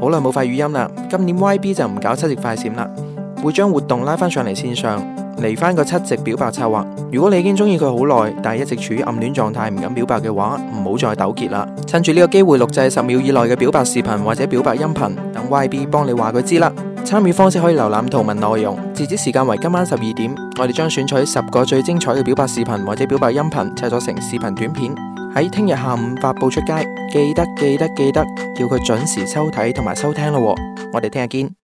好耐冇發語音啦，今年 YB 就唔搞七夕快閃啦，會將活動拉翻上嚟線上，嚟翻個七夕表白策劃。如果你已經中意佢好耐，但係一直處於暗戀狀態，唔敢表白嘅話，唔好再糾結啦。趁住呢個機會錄製十秒以內嘅表白視頻或者表白音頻，等 YB 幫你話佢知啦。參與方式可以瀏覽圖文內容，截止時間為今晚十二點。我哋將選取十個最精彩嘅表白視頻或者表白音頻，製作成視頻短片。喺聽日下午發布出街，記得記得記得叫佢準時收睇同埋收聽咯，我哋聽日見。